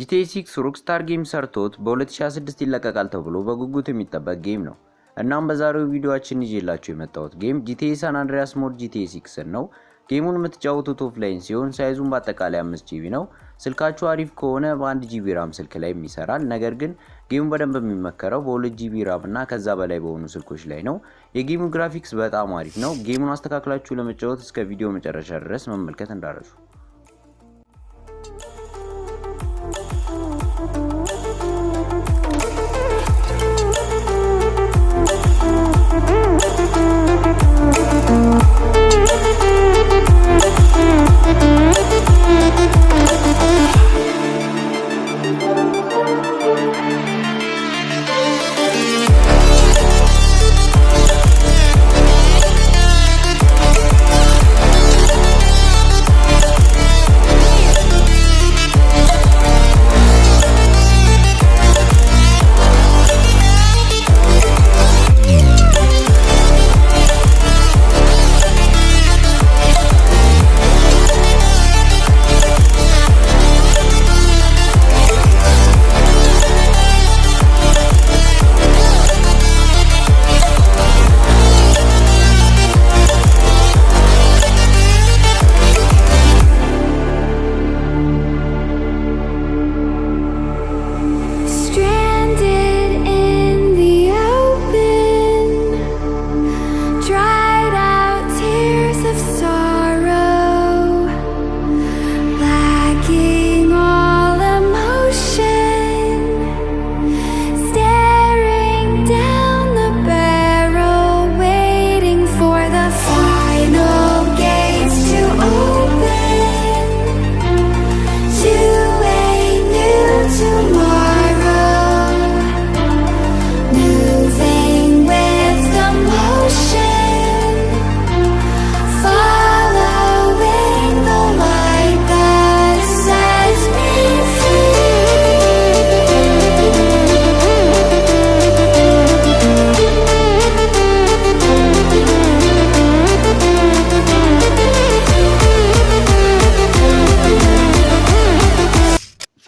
ጂቲኤ 6 ሮክስታር ጌም ሰርቶት በ2026 ይለቀቃል ተብሎ በጉጉት የሚጠበቅ ጌም ነው። እናም በዛሬው ቪዲዮአችን ይዤላችሁ የመጣሁት ጌም ጂቲኤ ሳን አንድሪያስ ሞድ ጂቲኤ 6 ነው። ጌሙን የምትጫወቱት ኦፍላይን ሲሆን ሳይዙን በአጠቃላይ 5 ጂቢ ነው። ስልካችሁ አሪፍ ከሆነ በ1 ጂቢ ራም ስልክ ላይ ይሰራል። ነገር ግን ጌሙ በደንብ የሚመከረው በ2 ጂቢ ራም እና ከዛ በላይ በሆኑ ስልኮች ላይ ነው። የጌሙ ግራፊክስ በጣም አሪፍ ነው። ጌሙን አስተካክላችሁ ለመጫወት እስከ ቪዲዮ መጨረሻ ድረስ መመልከት እንዳረሱ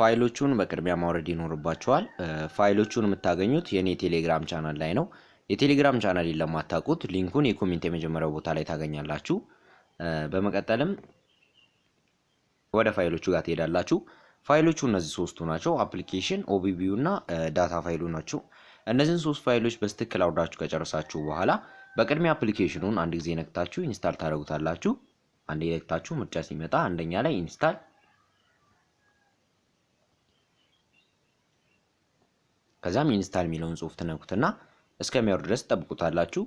ፋይሎቹን በቅድሚያ ማውረድ ይኖርባቸዋል። ፋይሎቹን የምታገኙት የኔ ቴሌግራም ቻናል ላይ ነው። የቴሌግራም ቻናል ለማታውቁት ሊንኩን የኮሜንት የመጀመሪያው ቦታ ላይ ታገኛላችሁ። በመቀጠልም ወደ ፋይሎቹ ጋር ትሄዳላችሁ። ፋይሎቹ እነዚህ ሶስቱ ናቸው። አፕሊኬሽን፣ ኦቢቢዩ እና ዳታ ፋይሉ ናቸው። እነዚህን ሶስት ፋይሎች በስትክክል አውርዳችሁ ከጨረሳችሁ በኋላ በቅድሚያ አፕሊኬሽኑን አንድ ጊዜ ነክታችሁ ኢንስታል ታደረጉታላችሁ። አንድ ነክታችሁ ምርጫ ሲመጣ አንደኛ ላይ ኢንስታል ከዛም ኢንስታል የሚለውን ጽሁፍ ትነኩትና እስከሚያወርድ ድረስ ትጠብቁታላችሁ።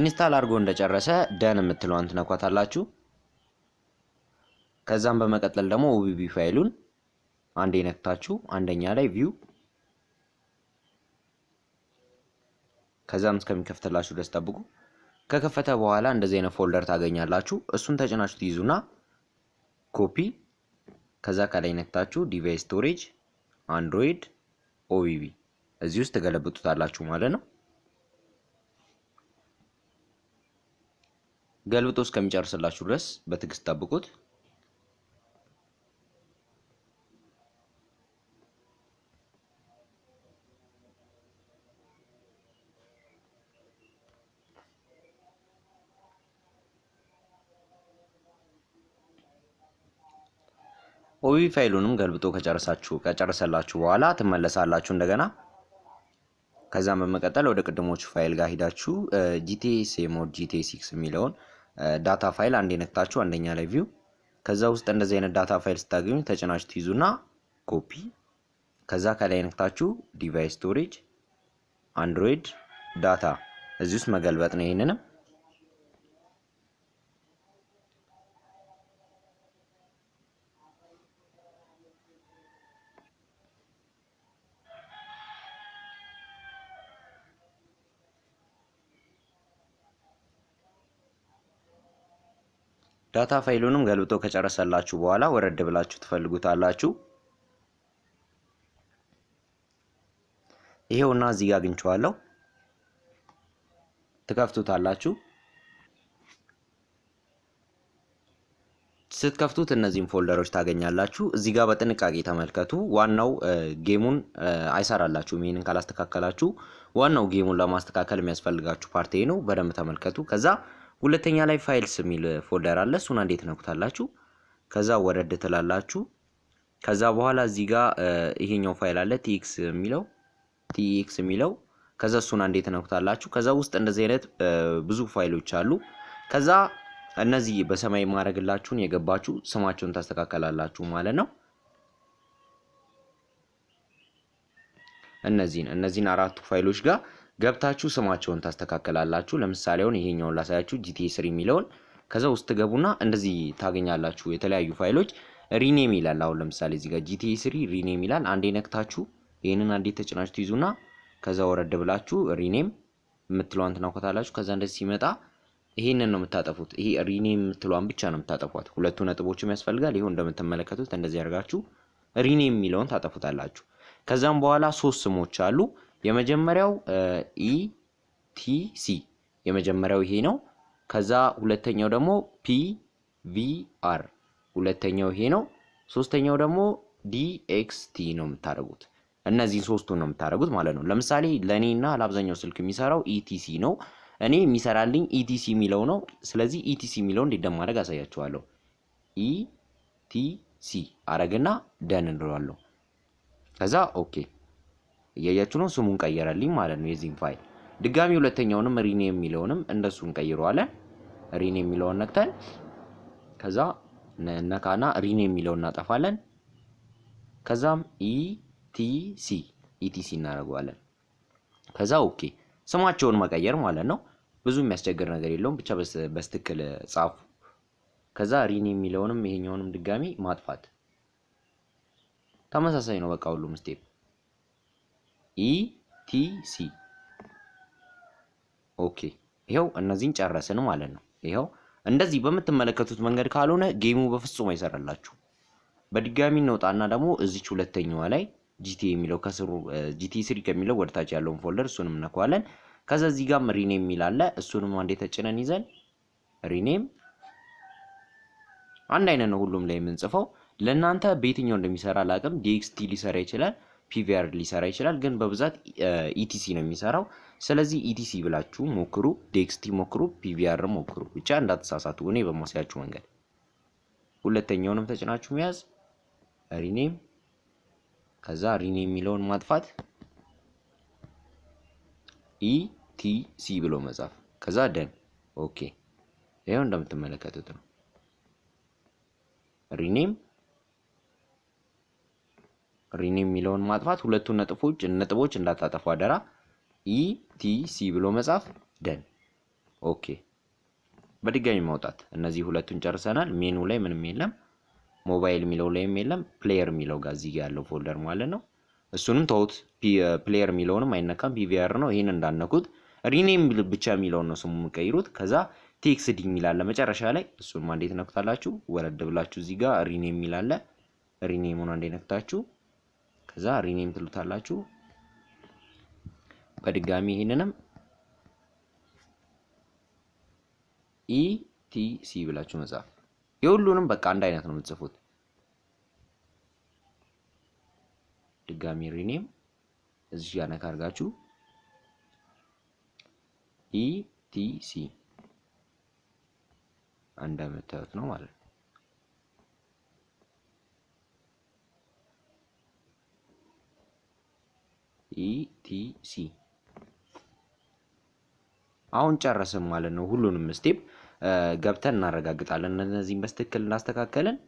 ኢንስታል አድርጎ እንደጨረሰ ደን የምትለዋን ትነኳታላችሁ። ከዛም በመቀጠል ደግሞ ኦቢቢ ፋይሉን አንድ ነክታችሁ አንደኛ ላይ ቪው ከዛም እስከሚከፍትላችሁ ድረስ ጠብቁ። ከከፈተ በኋላ እንደዚህ አይነት ፎልደር ታገኛላችሁ። እሱን ተጭናችሁ ትይዙና ኮፒ፣ ከዛ ከላይ ነክታችሁ ዲቫይስ ስቶሬጅ፣ አንድሮይድ፣ ኦቢቢ እዚህ ውስጥ ትገለብጡታላችሁ ማለት ነው። ገልብጦ እስከሚጨርስላችሁ ድረስ በትዕግስት ጠብቁት። ኦቢ ፋይሉንም ገልብጦ ከጨረሳችሁ ከጨረሰላችሁ በኋላ ትመለሳላችሁ እንደገና። ከዛም በመቀጠል ወደ ቅድሞቹ ፋይል ጋር ሂዳችሁ ጂቲኤ ሴም ኦር ሲክስ የሚለውን ዳታ ፋይል አንድ ነክታችሁ አንደኛ ላይ ቪው፣ ከዛ ውስጥ እንደዚህ አይነት ዳታ ፋይል ስታገኙ ተጭናችሁ ትይዙና ኮፒ፣ ከዛ ከላይ ነክታችሁ ዲቫይስ ስቶሬጅ፣ አንድሮይድ ዳታ እዚህ ውስጥ መገልበጥ ነው። ይህንንም ዳታ ፋይሉንም ገልብጦ ከጨረሰላችሁ በኋላ ወረድ ብላችሁ ትፈልጉታላችሁ። ይሄውና እዚህ ጋር አግኝቼዋለሁ። ትከፍቱታላችሁ። ስትከፍቱት እነዚህን ፎልደሮች ታገኛላችሁ። እዚህ ጋር በጥንቃቄ ተመልከቱ። ዋናው ጌሙን አይሰራላችሁም ይህንን ካላስተካከላችሁ። ዋናው ጌሙን ለማስተካከል የሚያስፈልጋችሁ ፓርቲ ነው። በደንብ ተመልከቱ ከዛ ሁለተኛ ላይ ፋይልስ የሚል ፎልደር አለ። እሱን አንዴት ነኩታላችሁ። ከዛ ወረድ ትላላችሁ። ከዛ በኋላ እዚህ ጋር ይሄኛው ፋይል አለ ቲኤክስ የሚለው ቲኤክስ የሚለው ከዛ እሱን አንዴ ነኩታላችሁ። ከዛ ውስጥ እንደዚህ አይነት ብዙ ፋይሎች አሉ። ከዛ እነዚህ በሰማይ ማድረግላችሁን የገባችሁ ስማቸውን ታስተካከላላችሁ ማለት ነው። እነዚህን እነዚህን አራቱ ፋይሎች ጋር ገብታችሁ ስማቸውን ታስተካከላላችሁ። ለምሳሌ አሁን ይሄኛውን ላሳያችሁ፣ ጂቲኤ ስሪ የሚለውን ከዛ ውስጥ ገቡና እንደዚህ ታገኛላችሁ። የተለያዩ ፋይሎች ሪኔም ይላል። አሁን ለምሳሌ እዚህ ጋር ጂቲኤ ስሪ ሪኔም ይላል። አንዴ ነክታችሁ ይህንን አንዴ ተጭናችሁ ትይዙና ከዛ ወረድ ብላችሁ ሪኔም የምትሏን ትናኮታላችሁ። ከዛ እንደዚህ ሲመጣ ይሄንን ነው የምታጠፉት። ይሄ ሪኔም የምትሏን ብቻ ነው የምታጠፏት። ሁለቱ ነጥቦችም ያስፈልጋል። ይሄው እንደምትመለከቱት እንደዚህ ያደርጋችሁ ሪኔም የሚለውን ታጠፉታላችሁ። ከዛም በኋላ ሶስት ስሞች አሉ። የመጀመሪያው ኢ ቲ ሲ የመጀመሪያው ይሄ ነው። ከዛ ሁለተኛው ደግሞ ፒ ቪ አር ሁለተኛው ይሄ ነው። ሶስተኛው ደግሞ ዲ ኤክስ ቲ ነው የምታደርጉት። እነዚህን ሶስቱን ነው የምታደርጉት ማለት ነው። ለምሳሌ ለእኔ እና ለአብዛኛው ስልክ የሚሰራው ኢቲሲ ነው። እኔ የሚሰራልኝ ኢቲሲ የሚለው ነው። ስለዚህ ኢቲሲ የሚለው እንዴት ደማድረግ አሳያችኋለሁ። ኢቲሲ አረግና ደን እንለዋለሁ። ከዛ ኦኬ እያያችሁ ነው። ስሙን ቀየረልኝ ማለት ነው የዚህን ፋይል ድጋሚ ሁለተኛውንም ሪኔ የሚለውንም እንደሱ እንቀይረዋለን። ሪኔ የሚለውን ነክተን ከዛ ነካና ሪኔ የሚለውን እናጠፋለን። ከዛም ኢቲሲ ኢቲሲ እናደርገዋለን። ከዛ ኦኬ ስማቸውን መቀየር ማለት ነው። ብዙ የሚያስቸግር ነገር የለውም። ብቻ በስትክል ጻፉ። ከዛ ሪኔ የሚለውንም ይሄኛውንም ድጋሚ ማጥፋት ተመሳሳይ ነው። በቃ ሁሉም ስቴፕ ኢቲሲ ኦኬ ይኸው እነዚህን ጨረስን ማለት ነው። ይኸው እንደዚህ በምትመለከቱት መንገድ ካልሆነ ጌሙ በፍጹም አይሰራላችሁ። በድጋሚ እንወጣና ደግሞ እዚች ሁለተኛዋ ላይ ጂቲ የሚለው ከስሩ ጂቲ ስሪ ከሚለው ወደታች ያለውን ፎልደር እሱንም እነኳለን። ከዛ እዚህ ጋርም ሪኔም የሚል አለ። እሱንም አንዴ ተጭነን ይዘን ሪኔም አንድ አይነት ነው ሁሉም ላይ የምንጽፈው። ለእናንተ በየትኛው እንደሚሰራ ላቅም ዲኤክስቲ ሊሰራ ይችላል። ፒቪአር ሊሰራ ይችላል፣ ግን በብዛት ኢቲሲ ነው የሚሰራው። ስለዚህ ኢቲሲ ብላችሁ ሞክሩ፣ ዴክስቲ ሞክሩ፣ ፒቪአር ሞክሩ። ብቻ እንዳትሳሳቱ እኔ በማሳያችሁ መንገድ። ሁለተኛውንም ተጭናችሁ መያዝ ሪኔም፣ ከዛ ሪኔም የሚለውን ማጥፋት ኢቲሲ ብሎ መጻፍ፣ ከዛ ደን ኦኬ። ይኸው እንደምትመለከቱት ነው ሪኔም ሪኒ የሚለውን ማጥፋት ሁለቱን ነጥቦች ነጥቦች እንዳታጠፉ አደራ። ኢቲሲ ብሎ መጻፍ ደን። ኦኬ በድጋሚ ማውጣት። እነዚህ ሁለቱን ጨርሰናል። ሜኑ ላይ ምንም የለም። ሞባይል የሚለው ላይም የለም። ፕሌየር የሚለው ጋር እዚህ ያለው ፎልደር ማለት ነው። እሱንም ተውት። ፕሌየር የሚለውንም አይነካም። ፒቪአር ነው። ይህን እንዳነኩት ሪኔም ብቻ የሚለውን ነው ስሙ የምቀይሩት። ከዛ ቴክስድ የሚላለ መጨረሻ ላይ እሱን አንዴ ትነኩታላችሁ። ወረድ ብላችሁ እዚህ ጋር ሪኔም የሚላለ ሪኔሙን አንዴ ነክታችሁ ከዛ ሪኔም ትሉታላችሁ። በድጋሚ ይህንንም ኢቲሲ ብላችሁ መጻፍ። የሁሉንም በቃ አንድ አይነት ነው የምትጽፉት። ድጋሚ ሪኔም እዚህ ጋር ነካ ኢቲሲ እንደምታዩት ነው ማለት ነው። ኢቲሲ። አሁን ጨረስን ማለት ነው። ሁሉንም ስቴፕ ገብተን እናረጋግጣለን። እነዚህም በስትክክል እናስተካከልን።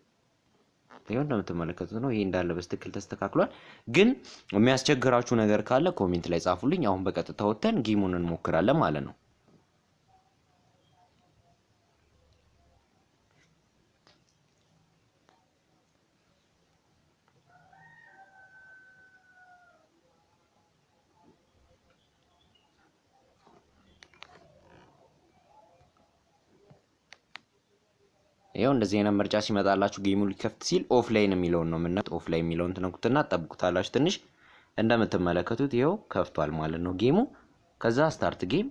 ይኸው እንደምትመለከቱት ነው። ይሄ እንዳለ በስትክክል ተስተካክሏል። ግን የሚያስቸግራችሁ ነገር ካለ ኮሜንት ላይ ጻፉልኝ። አሁን በቀጥታ ወተን ጌሙን እንሞክራለን ማለት ነው። ይኸው እንደዚህ አይነት ምርጫ ሲመጣላችሁ ጌሙ ሊከፍት ሲል ኦፍላይን የሚለውን ነው የምናየው። ኦፍላይን የሚለውን ትነኩትና ትጠብቁታላችሁ። ትንሽ እንደምትመለከቱት ይኸው ከፍቷል ማለት ነው ጌሙ። ከዛ ስታርት ጌም